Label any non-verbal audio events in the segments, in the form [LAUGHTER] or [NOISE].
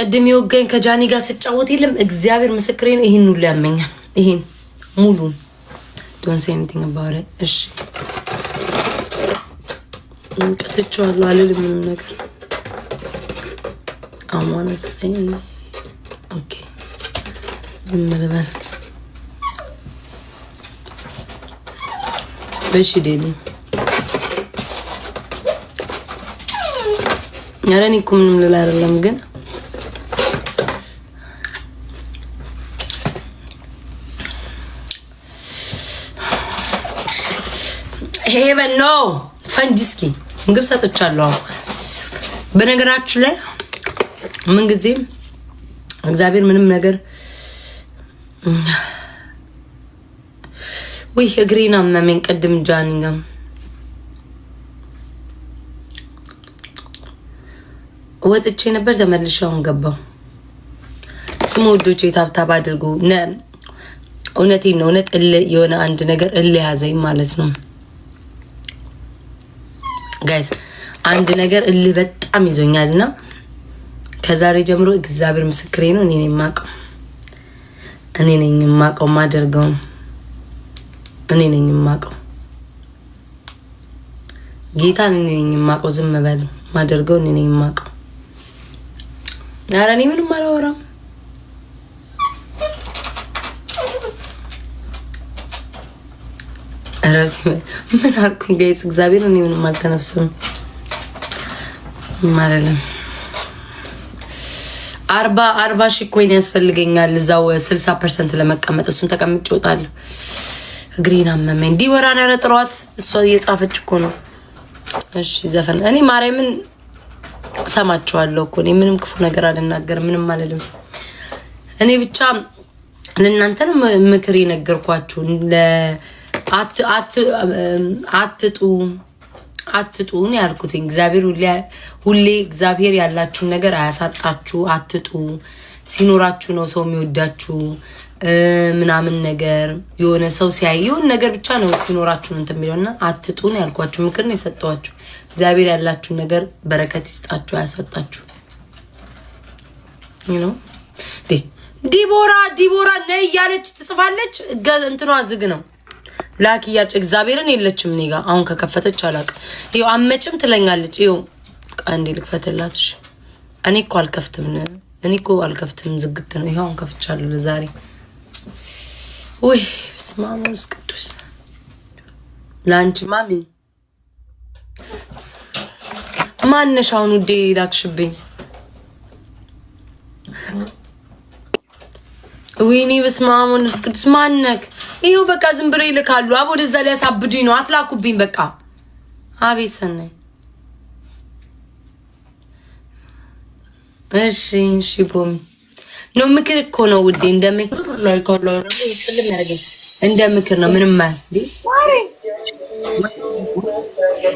ቅድም የወጋኝ ከጃኒ ጋር ስጫወት የለም እግዚአብሔር ምስክሬ ነው። ይህን ሁሉ ያመኛል። ይህን ሙሉን ዶንት ሴ ኤኒቲንግ አባውት ኢት። እሺ ቀጥቼዋለሁ አልልም ምንም ነገር አማነሰኝ። ኦኬ ዝም ልበል በሺ ዴኒ ኧረ እኔ እኮ ምንም ልል አይደለም ግን ሄቨን ነው ፈንጂ። እስኪ ምግብ ሰጥቻለሁ። አሁን በነገራችን ላይ ምን ጊዜም እግዚአብሔር ምንም ነገር ውይ እግሬን አመመኝ ቅድም ጃኒጋም ወጥቼ ነበር ተመልሼ ገባው። ስሙ ውዶቼ ታብታብ አድርጉ። እውነቴን ነው። እውነት እል የሆነ አንድ ነገር እል ያዘኝ ማለት ነው ጋይስ። አንድ ነገር እል በጣም ይዞኛል እና ከዛሬ ጀምሮ እግዚአብሔር ምስክሬ ነው። እኔ ነኝ የማውቀው፣ እኔ ነኝ የማውቀው፣ ማደርገው እኔ ነኝ የማውቀው፣ ጌታን እኔ ነኝ የማውቀው፣ ዝም በል ማደርገው እኔ ነኝ የማውቀው። ኧረ እኔ ምንም አላወራም። ምን አልኩኝ ጋይስ? እግዚአብሔር እኔ ምንም አልተነፍስም አይደለም። አርባ አርባ ሺህ ኮይን ያስፈልገኛል እዛው ስልሳ ፐርሰንት ለመቀመጥ እሱን ተቀምጭ ይወጣለሁ። እግሬን አመመኝ። ዲወራን ኧረ እሷ እየጻፈች እኮ ነው። እሺ ዘፈን እኔ ማርያምን እሰማችኋለሁ እኮ እኔ ምንም ክፉ ነገር አልናገር፣ ምንም አልልም። እኔ ብቻ ለእናንተ ምክር የነገርኳችሁ አትጡ አትጡ ነው ያልኩት። እግዚአብሔር ሁሌ እግዚአብሔር ያላችሁን ነገር አያሳጣችሁ፣ አትጡ። ሲኖራችሁ ነው ሰው የሚወዳችሁ ምናምን ነገር የሆነ ሰው ሲያይ የሆነ ነገር ብቻ ነው ሲኖራችሁ ነው እንትን የሚለውና አትጡ ነው ያልኳችሁ። ምክር ነው የሰጠኋችሁ። እግዚአብሔር ያላችሁ ነገር በረከት ይስጣችሁ፣ አያሳጣችሁ ነው። ዲቦራ ዲቦራ ነ እያለች ትጽፋለች። እንትኗ ዝግ ነው። ላክ እያ እግዚአብሔርን የለችም እኔ ጋር አሁን ከከፈተች አላውቅም። ይኸው አመጭም ትለኛለች። ይኸው አንዴ ልክፈትላት። እኔ እኮ አልከፍትም፣ እኔ እኮ አልከፍትም፣ ዝግት ነው። ይኸው አሁን ከፍቻለሁ ለዛሬ። ውይ ስማማስ ቅዱስ ለአንቺ ማሚ ማነሽ አሁን ውዴ ላክሽብኝ? ዊኒ በስመ አብ ማነክ? ይኸው በቃ ዝም ብለው ይልካሉ። አብ ወደዛ ሊያሳብዱኝ ነው። አትላኩብኝ በቃ። አቤት ሰናይ እሺ፣ እሺ ቦሚ ነው ምክር እኮ ነው ውዴ፣ እንደ ምክር እንደ ምክር ነው ምንም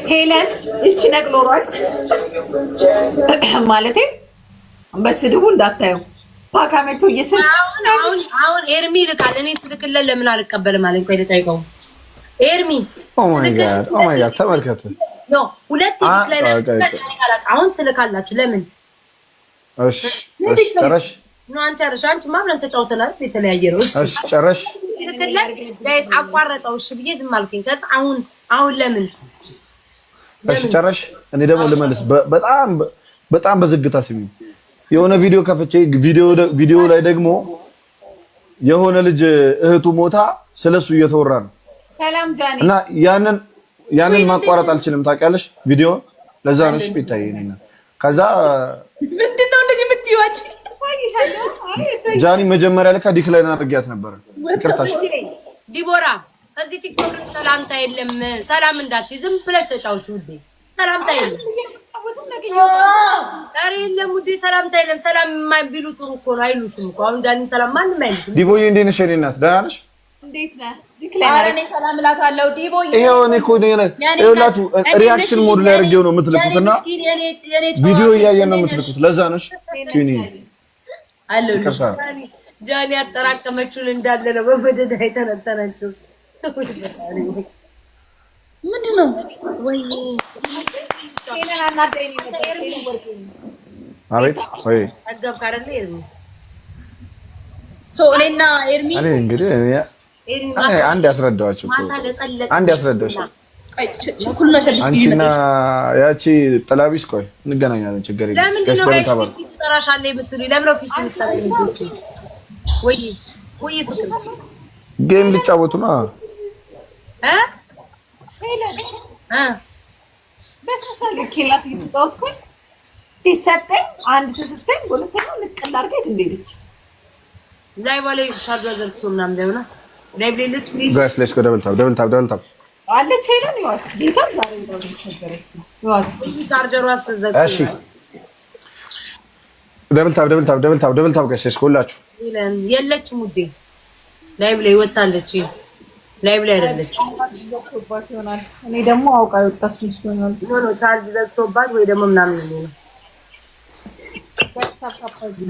ሄለን ይቺ ነቅሎሯት ማለቴ በስድቡ እንዳታየው ፓካሜቶ እየሰጥ አሁን ኤርሚ ይልካል። እኔ ስልክለን ለምን አልቀበልም አለኝ። ቆይ ልጠይቀው ኤርሚ oh oh ተመልከት። ah, አሁን ትልካላችሁ። ለምን ጨረሽ? ጨረሽ? አንቺ ማምለን ተጫውተናል። የተለያየ ነው። ጨረሽ? አቋረጠው። ብዬ ዝም አልኩኝ። አሁን አሁን ለምን እሺ ጨረሽ። እኔ ደግሞ ልመልስ። በጣም በጣም በዝግታ ስሚ። የሆነ ቪዲዮ ከፍቼ ቪዲዮ ላይ ደግሞ የሆነ ልጅ እህቱ ሞታ ስለሱ እየተወራ ነው እና ያንን ያንን ማቋረጥ አልችልም። ታውቂያለሽ ቪዲዮ ለዛ ነው እሺ። ይታይ ነኝ። ከዛ ምንድነው እንደዚህ የምትይዋጭ ጃኒ መጀመሪያ ልካ ዲክላይን አድርጊያት ነበር። ይቅርታሽ ዲቦራ ከዚህ ቲክቶክ ሰላምታ የለም። ሰላም እንዳትይ ዝም ብለሽ ተጫውሽ ውዴ። ሰላምታ የለም፣ ኧረ የለም ውዴ፣ ሰላምታ የለም። ሰላም የማይቢሉ ጥሩ እኮ ነው። አይሉሽም እኮ አሁን ጃኒን ሰላም ማንም አይልሽም። ዲቦዬ እንዴት ነሽ? የእኔ እናት ደህና ነሽ? እንዴት ነህ? ኧረ እኔ ሰላም እላታለሁ ዲቦዬ። ይኸው እኔ እኮ ይኸውላችሁ ሪያክሽን ሞድ ላይ አድርጌው ነው የምትልኩት እና ቪዲዮ እያየን ነው የምትልኩት። ለዛ ነሽ ኪኒ አለው ጃኒ ያጠራቀመችውን እንዳለ ነው በመደዳ የተነተነችው ምንድን ነው? አቤት እኔና ኤርሚ እንግዲህ አንድ ያስረዳኋቸው አንድ ያስረዳኋቸው አንቺና ያቺ ጥላቢስ ቆይ እንገናኛለን። ችግር ጌም ሊጫወቱ ነው ልኬላት እየተጫወትኩኝ ሲሰጠኝ አንድ ተሰጠኝ፣ ሁለተኛው ልቅል አድርጋ ላይ ባላይ ቻርጀር ዘግቶ ምናምን ደውና የለችም ውዴ ላይ ብላ ይወጣለች። ላይብ ላይ አይደለች። እኔ ደግሞ አውቃ ይሆናል ቻርጅ ዘግቶባት ወይ ደግሞ ምናምን ነው።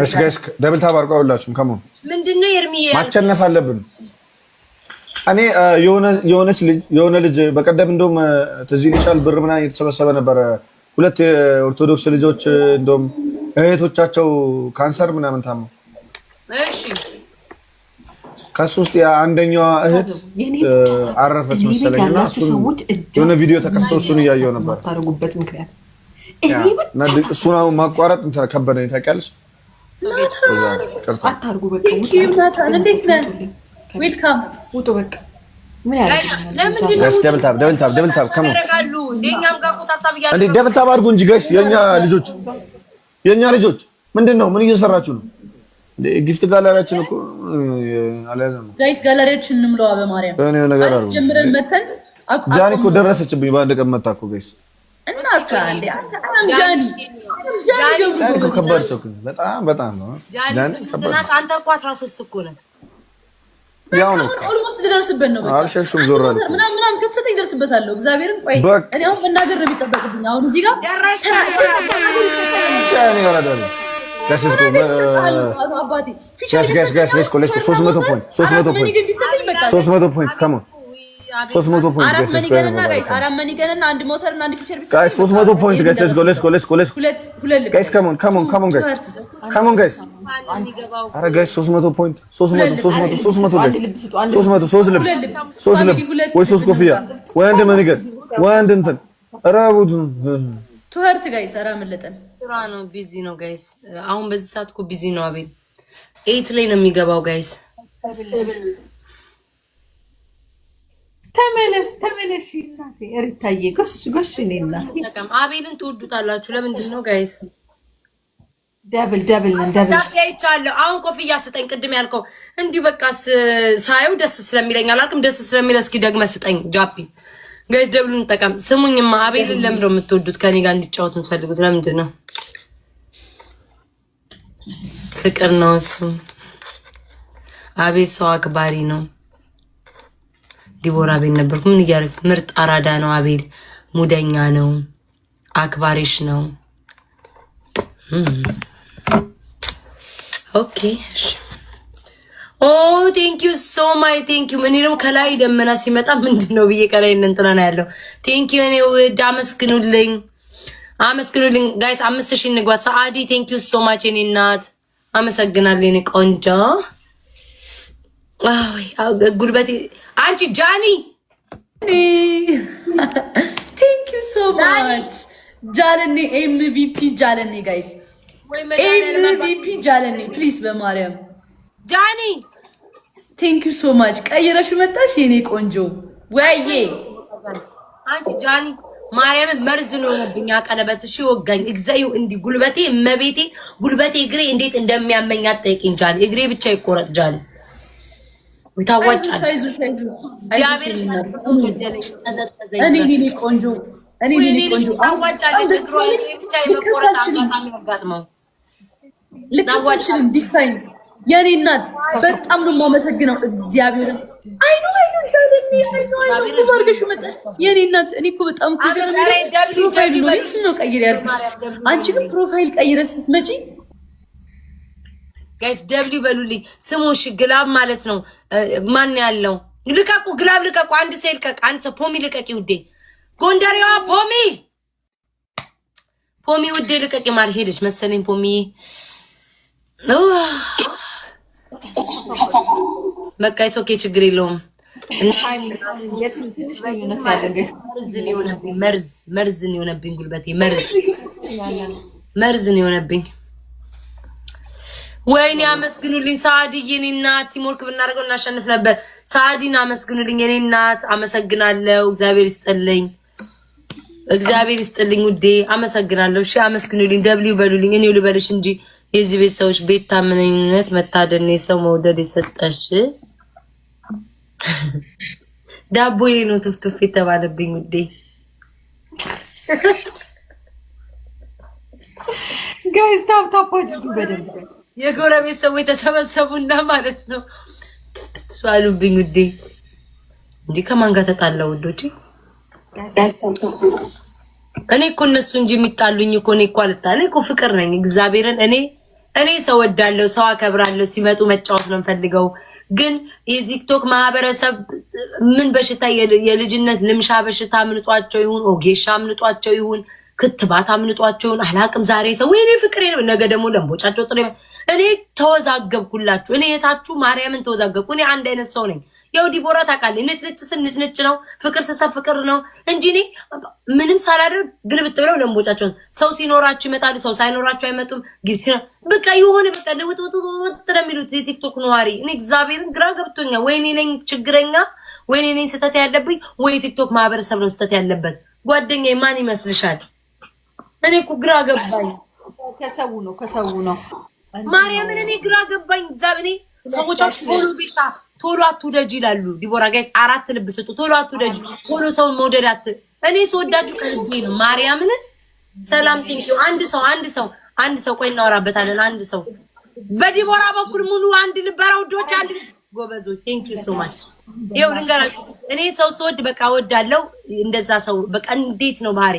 እሺ ጋይስ ደብል ታብ አድርጎ ከመሆን ማቸነፍ አለብን። እኔ የሆነች ልጅ የሆነ ልጅ በቀደም እንደውም ትዝ ይልሻል ብር ምናምን እየተሰበሰበ ነበረ። ሁለት የኦርቶዶክስ ልጆች እንደውም እህቶቻቸው ካንሰር ምናምን ታመው ከሱ ውስጥ የአንደኛዋ እህት አረፈች መሰለኝ የሆነ ቪዲዮ ተከፍቶ እሱን እያየው ነበር። እሱን አሁን ማቋረጥ ከበደኝ ታውቂያለሽ። ደብል ታብ አድርጉ እንጂ ጋይስ፣ የእኛ ልጆች የእኛ ልጆች ምንድን ነው? ምን እየሰራችሁ ነው? ጊፍት ጋለሪያችን እኮ አልያዘም። ጋይስ ጋለሪያችን እንምለዋ በማርያም እኔ ነገር ጀምረን መተን ጃኒ እኮ ደረሰችብኝ። በአንድ ቀን መታ እኮ ጋይስ ከባድ ሰው በጣም በጣም ነው ጃኒ አንተ እኮ እኮ ነህ። ያው ነው ኦልሞስት ልደርስበት ነው። አልሸሹም ዞር አለ ምናምን ምናምን ከተሰጠኝ እግዚአብሔርን ቆይ እኔ አሁን መናገር ነው የሚጠበቅብኝ አሁን እዚህ ጋር ደረሰ ጃኒ ወንድ መንገድ ወንድ እንትን ረቡት ትወርት ጋይስ አራ መለጠን ስራ ነው። ቢዚ ነው ጋይስ። አሁን በዚህ ሰዓት እኮ ቢዚ ነው። አቤል ኤት ላይ ነው የሚገባው ጋይስ። ተመለስ ተመለሽ፣ እናቴ እርታዬ፣ ጎስ ጎስ። እኔ እናቴ አቤልን ትወዱታላችሁ። ለምንድን ነው ጋይስ? ደብል ደብል ደብል ይቻለሁ። አሁን ኮፍያ ስጠኝ። ቅድም ያልከው እንዲህ በቃ ሳየው ደስ ስለሚለኝ አላልክም? ደስ ስለሚለ እስኪ ደግመህ ስጠኝ ጃፒ ጋይስ ደብሉ እንጠቀም። ስሙኝማ አቤልን ለምንድን ነው የምትወዱት? ከኔ ጋር እንዲጫወት የምትፈልጉት ለምንድን ነው? ፍቅር ነው እሱ። አቤል ሰው አክባሪ ነው። ዲቦራ አቤል ነበርኩ። ምን እያደረግ ምርጥ አራዳ ነው አቤል። ሙደኛ ነው፣ አክባሪሽ ነው። ኦኬ እሺ ኦ ቴንክ ዩ ሶ ማይ ቴንክ ዩ። እኔ ደግሞ ከላይ ደመና ሲመጣ ምንድን ነው ብዬ ቀረ እንትና ያለው ቴንክ ዩ። እኔ ውድ አመስግኑልኝ፣ አመስግኑልኝ ጋይስ፣ አምስት ሺህ እንግባ። ሰአዲ ቴንክ ዩ ሶ ማች እኔ እናት አመሰግናለሁ። እኔ ቆንጆ ጉልበት አንቺ ጃኒ ቴንክ ዩ ሶ ማች ጃለኔ ኤምቪፒ ጃለኔ ጋይስ ኤምቪፒ ጃለኔ ፕሊስ በማርያም ጃኒ ቴንክ ዩ ሶ ማች። ቀይረሽ መጣሽ የኔ ቆንጆ። ወይዬ አንቺ ጃኒ ማርያምን መርዝ ነው የሆነብኝ ቀለበት። እሺ ወጋኝ እግዚአብሔር እንዲህ ጉልበቴ እመቤቴ ጉልበቴ እግሬ እንዴት እንደሚያመኝ አትጠይቂኝ ጃኒ። እግሬ ብቻ ይቆረጥ ጃኒ። ታዋጫለሽ እግዚአብሔር ቆንጆ የኔ እናት በጣም ነው የማመሰግነው እግዚአብሔርን። አይ ነው አይ ነው የኔ እናት እኔ እኮ በጣም ነው ነው ቀይር ያልኩሽ። አንቺ ግን ፕሮፋይል ቀይረሽ ስትመጪ ጋይስ ደብሊው በሉልኝ። ስሙሽ ግላብ ማለት ነው። ማን ያለው ልቀቁ፣ ግላብ ልቀቁ። አንድ ሰው ልቀቅ፣ አንድ ሰው ፖሚ ልቀቂ ውዴ። ጎንደሬዋ ፖሚ ፖሚ ውዴ ልቀቂ። ማር ሄደች መሰለኝ ፖሚ በቃ የሶኬ ችግር የለውም። መርዝን የሆነብኝ ጉልበቴ መርዝ መርዝን የሆነብኝ። ወይኔ አመስግኑልኝ ሰአዲ የኔ እናት። ቲሞርክ ብናደርገው እናሸንፍ ነበር። ሰአዲን አመስግኑልኝ የኔ እናት። አመሰግናለሁ። እግዚአብሔር ይስጥልኝ፣ እግዚአብሔር ይስጥልኝ ውዴ። አመሰግናለሁ። እሺ አመስግኑልኝ። ደብሊው በሉልኝ። እኔ ልበልሽ እንጂ የዚህ ቤት ሰዎች ቤት ታምነኝነት መታደን የሰው መውደድ የሰጠሽ ዳቦ ነው ትፍትፍ የተባለብኝ ውዴ ጋይስ ታፕታፕ አድርጉ በደንብ የጎረቤት ሰው የተሰበሰቡና ማለት ነው አሉብኝ ውዴ እንዲህ ከማን ጋር ተጣላ ውዶች እኔ እኮ እነሱ እንጂ የሚጣሉኝ እኮ እኔ እኮ አልጣላ እኮ ፍቅር ነኝ እግዚአብሔርን እኔ እኔ ሰው ወዳለው ሰው አከብራለሁ። ሲመጡ መጫወት ነው የምፈልገው። ግን የቲክቶክ ማህበረሰብ ምን በሽታ የልጅነት ልምሻ በሽታ አምልጧቸው ይሁን ኦጌሻ አምልጧቸው ይሁን ክትባት አምልጧቸው አላቅም። ዛሬ ሰው የኔ ፍቅሬ ነው፣ ነገ ደግሞ ለምቦጫቸው ጥሬ። እኔ ተወዛገብኩላችሁ። እኔ የታችሁ ማርያምን ተወዛገብኩ። እኔ አንድ አይነት ሰው ነኝ። ያው ዲቦራ ታውቃለች። ንጭንጭ ስል ንጭንጭ ነው፣ ፍቅር ስሰብ ፍቅር ነው እንጂ እኔ ምንም ሳላደርግ ግልብጥ ብለው ለምቦጫቸውን ሰው ሲኖራቸው ይመጣሉ፣ ሰው ሳይኖራቸው አይመጡም። ግብሲ በቃ የሆነ በቃ ለውጥውጥውጥ ለሚሉት የቲክቶክ ነዋሪ እኔ እግዚአብሔርን ግራ ገብቶኛል። ወይ እኔ ነኝ ችግረኛ፣ ወይ እኔ ነኝ ስህተት ያለብኝ፣ ወይ የቲክቶክ ማህበረሰብ ነው ስህተት ያለበት። ጓደኛዬ ማን ይመስልሻል? እኔ እኮ ግራ ገባኝ። ከሰው ነው ከሰው ነው ማርያምን፣ እኔ ግራ ገባኝ። እግዚአብሔር ሰዎች ሁሉ ቤታ ቶሎ አትውደጅ ይላሉ። ዲቦራ ጋይስ አራት ልብ ስጡ። ቶሎ አትውደጅ፣ ቶሎ ሰውን መውደድ አት እኔ ስወዳችሁ ከልቤ ነው። ማርያምን ሰላም ቴንኪው። አንድ ሰው አንድ ሰው አንድ ሰው ቆይ እናወራበታለን። አንድ ሰው በዲቦራ በኩል ሙሉ አንድ ልበራ ውዶች፣ አንድ ጎበዞች። ቴንኪው ሶ ማች። ይኸው ልንገራችሁ፣ እኔ ሰው ስወድ በቃ እወዳለሁ። እንደዛ ሰው በቃ እንዴት ነው ባህሪ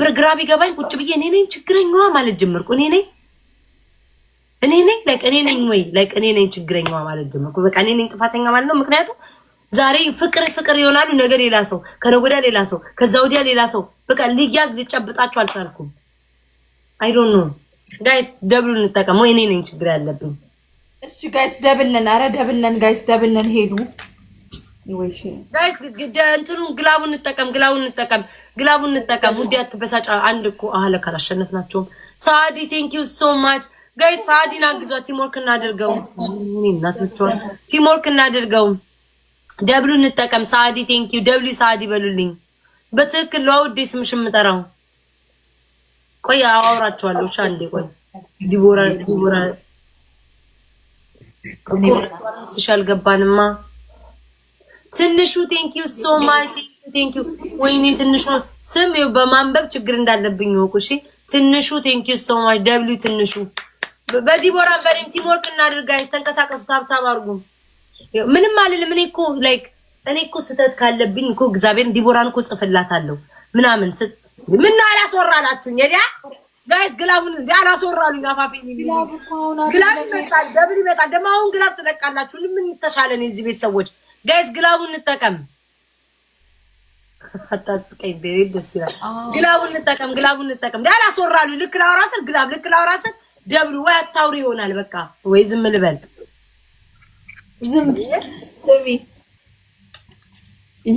ግርግራ ቢገባኝ ቁጭ ብዬ እኔ ነኝ ችግረኛዋ ማለት ጀመርኩ። እኔ ነኝ እኔ ነኝ ላይክ እኔ ነኝ ወይ ላይክ እኔ ነኝ ችግረኛዋ ማለት ጀመርኩ። በቃ እኔ ነኝ ጥፋተኛ ማለት ነው። ምክንያቱም ዛሬ ፍቅር ፍቅር ይሆናሉ፣ ነገ ሌላ ሰው፣ ከነገ ወዲያ ሌላ ሰው፣ ከዛ ወዲያ ሌላ ሰው። በቃ ልያዝ ልጨብጣችሁ አልቻልኩም። አይ ዶንት ኖ ጋይስ፣ ደብሉ እንጠቀም ወይ እኔ ነኝ ችግር ያለብኝ። እሺ ጋይስ ደብልን፣ አረ ደብልን ጋይስ፣ ደብልን ሄዱ ጋይስ፣ እንትኑ ግላቡን እንጠቀም፣ ግላቡን እንጠቀም፣ ግላቡን እንጠቀም። ውዲያ አትበሳጭ። አንድ እኮ አለ ካላሸነፍናቸውም። ሳዲ ቴንክ ዩ ሶ ማች ጋይ ሳዲን አግዟ። ቲምወርክ እናድርገው። ቲሞርክ እናደርገው። ደብሉ እንጠቀም። ሳዲ ቴንክ ዩ ደብሉ ሳዲ በሉልኝ። በትክክል ነው ውዴ፣ ስምሽ የምጠራው ቆይ፣ አወራቸዋለሁ። እሺ አንዴ ቆይ። ዲቦራ ዲቦራ ስሽ አልገባንማ። ትንሹ ቴንክ ዩ ሶ ማች ቴንክ ዩ። ወይኔ ትንሹ ስም በማንበብ ችግር እንዳለብኝ ወቁ። እሺ ትንሹ ቴንክ ዩ ሶ ማች ደብሉ ትንሹ በዲቦራ በሬም ቲምወርክ እናድርግ። ጋይስ ተንቀሳቀሱ፣ ታብታብ አድርጉ። ምንም አልልም። እኔ እኮ ላይክ እኔ እኮ ስህተት ካለብኝ እኮ እግዚአብሔር ዲቦራን እኮ ጽፍላታለሁ ምናምን ምን አላስወራላችሁኝ የዲያ ጋይስ ግላቡን አላስወራሉኝ። አፋፌኝ ግላብ ይመጣል፣ ደብል ይመጣል። ደግሞ አሁን ግላብ ትለቃላችሁ። ምን ተሻለን? የዚህ ቤት ሰዎች ጋይስ ግላቡን እንጠቀም። [LAUGHS] አታስቀኝ። ደስ ይላል። ግላቡን እንጠቀም፣ ግላቡን እንጠቀም። አላስወራሉኝ። ልክ ላውራ ስል ግላብ፣ ልክ ላውራ ስል ደብሉ ወይ አታውሪ ይሆናል። በቃ ወይ ዝም ልበል ዝም ስሚ።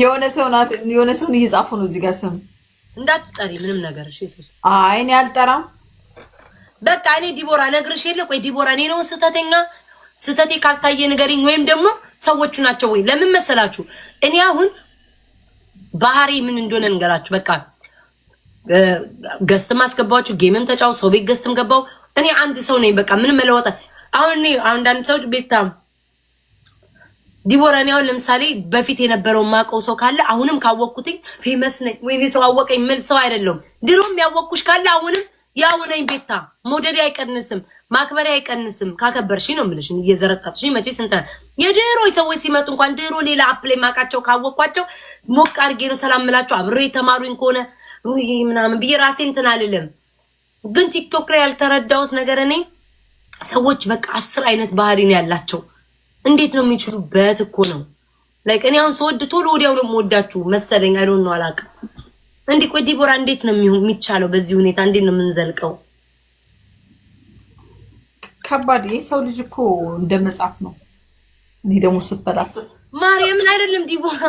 የሆነ ሰው ናት፣ የሆነ ሰውን እየጻፉ ነው እዚህ ጋር ስም እንዳትጠሪ ምንም ነገር። እሺ አይ እኔ አልጠራም። በቃ እኔ ዲቦራ ነግርሽ የለ ቆይ ዲቦራ እኔ ነው ስህተተኛ፣ ስህተቴ ካልታየ ንገሪኝ፣ ወይም ደግሞ ሰዎቹ ናቸው ወይ ለምን መሰላችሁ? እኔ አሁን ባህሪ ምን እንደሆነ ንገራችሁ። በቃ ገስትም አስገባችሁ፣ ጌምም ተጫው፣ ሰው ቤት ገስትም ገባው እኔ አንድ ሰው ነኝ። በቃ ምን መለወጥ አሁን እኔ አንዳንድ ሰው ቤታ ዲቦራን ያው ለምሳሌ በፊት የነበረው ማቀው ሰው ካለ አሁንም ካወቅኩትኝ ፌመስ ነኝ ወይኔ ሰው አወቀኝ ምን ሰው አይደለም። ድሮም ያወቅኩሽ ካለ አሁንም ያው ነኝ። ቤታ መውደዴ አይቀንስም፣ ማክበሬ አይቀንስም። ካከበርሽ ነው የምልሽ። እየዘረጠፍሽ መቼ ስንተ የድሮ ሰዎች ሲመጡ እንኳን ድሮ ሌላ አፕ ላይ ማቃቸው ካወቅኳቸው ሞቅ አድርጌ ነው ሰላም ምላቸው አብሬ የተማሩኝ ከሆነ ምናምን ብዬ ራሴ እንትን አልልም። ግን ቲክቶክ ላይ ያልተረዳሁት ነገር እኔ ሰዎች በቃ አስር አይነት ባህሪ ነው ያላቸው። እንዴት ነው የሚችሉበት? እኮ ነው ላይክ እኔ አሁን ስወድ ቶሎ ወዲያው ነው የምወዳችሁ መሰለኝ። አይ ዶንት ኖ አላውቅም። እንዴ ቆይ ዲቦራ፣ እንዴት ነው የሚቻለው? በዚህ ሁኔታ እንዴት ነው የምንዘልቀው? ከባድ ሰው ልጅ እኮ እንደ መጽሐፍ ነው። እኔ ደግሞ ስበላጽፍ ማርያምን አይደለም ዲቦራ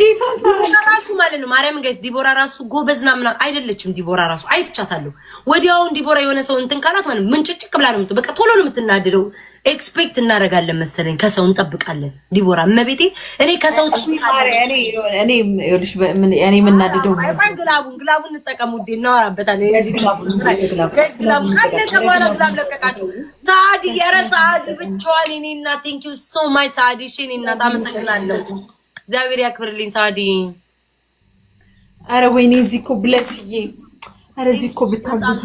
ዲቦራ ራሱ ማለት ነው ማርያምን ጋይስ ዲቦራ ራሱ ጎበዝ ናምና አይደለችም። ዲቦራ ራሱ አይቻታለሁ። ወዲያውን ዲቦራ የሆነ ሰው እንትን ካላት ማለት ምንጭጭቅ ብላ ነው በቃ ቶሎ ነው የምትናድደው። ኤክስፔክት እናደርጋለን መሰለኝ ከሰው እንጠብቃለን። ዲቦራ እመቤቴ እኔ ከሰው እኔ የምናድደው ግላቡን ግላቡን እንጠቀሙ ዴ እናወራበታለን። ካለቀ በኋላ ግላብ ለቀቃቸው። ሰአድ የረ ሰአድ ብቻዋን እኔ እና ቴንኪው ሶ ማይ ሰአድ ሼ እናት አመሰግናለሁ። እግዚአብሔር ያክብርልኝ። ሳዲ አረ ወይኔ እዚህ እኮ ብለስዬ አረ እዚህ እኮ ብታግዙ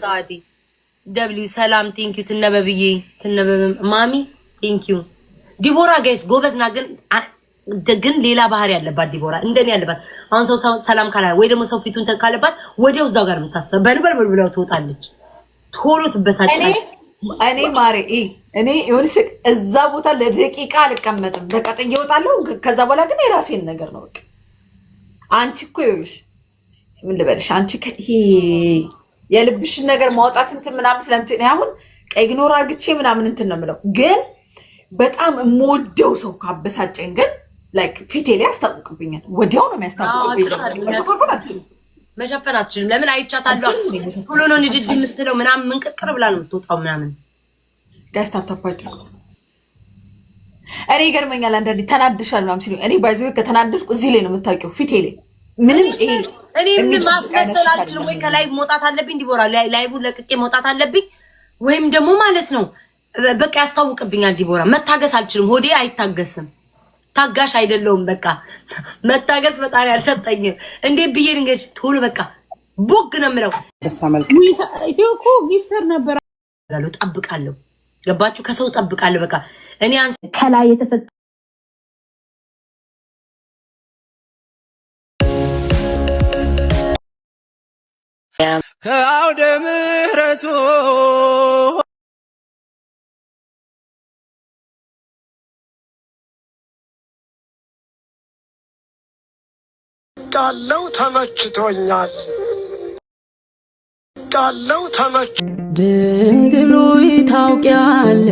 ሳዲ ደብሊው ሰላም ቴንኪዩ። ትነበብዬ ትነበብ ማሚ ቴንኪዩ። ዲቦራ ጋይስ ጎበዝና ግን ግን ሌላ ባህሪ ያለባት ዲቦራ እንደኔ ያለባት አሁን ሰው ሰላም ካላ ወይ ደግሞ ሰው ፊቱን ካለባት ወዲያው እዛው ጋር የምታስበው በልበል ብለው ትወጣለች። ቶሎ ትበሳጫለች። እኔ ማሬ እኔ የሆነች እዛ ቦታ ለደቂቃ አልቀመጥም። በቃ ጥዬ እወጣለሁ። ከዛ በኋላ ግን የራሴን ነገር ነው። በቃ አንቺ እኮ ይኸውልሽ፣ ምን ልበልሽ፣ አንቺ የልብሽን ነገር ማውጣት እንትን ምናምን ስለምትል አሁን ቀይ ግኖር አርግቼ ምናምን እንትን ነው የምለው። ግን በጣም የምወደው ሰው ካበሳጨኝ ግን ላይክ ፊቴ ላይ ያስታውቅብኛል። ወዲያው ነው የሚያስታውቅብኝ። መሸፈን አትችልም። ለምን አይቻታለሁ። ቶሎ ነው ንድድ የምትለው ምናምን፣ ምንቅቅር ብላ ነው የምትወጣው ምናምን ጋስ ታፕታፕ አድርጉ። እኔ ይገርመኛል አንዳንዴ ተናድሻል ምናምን ሲሉኝ እኔ ባይዘው ከተናደድኩ እዚህ ላይ ነው የምታውቂው ፊቴ ላይ ምንም እኔ ምን ማስመሰል አልችልም። ወይ ከላይ መውጣት አለብኝ ዲቦራ፣ ላይቡ ለቅቄ መውጣት አለብኝ ወይም ደግሞ ማለት ነው በቃ ያስታውቅብኛል። ዲቦራ መታገስ አልችልም። ሆዴ አይታገስም። ታጋሽ አይደለውም። በቃ መታገስ በጣም ያልሰጠኝ እንዴ ብዬ ንገሽ ቶሎ በቃ ቦግ ነው የምለው። ኢትዮ እኮ ጊፍተር ነበር እጠብቃለሁ ገባችሁ? ከሰው ጠብቃለሁ። በቃ እኔ አንስ ከላይ የተሰጠ ከአውደ ምሕረቱ ቃለው ተመችቶኛል። ወዳለው ተመች ድንግሉ ይታውቂያለ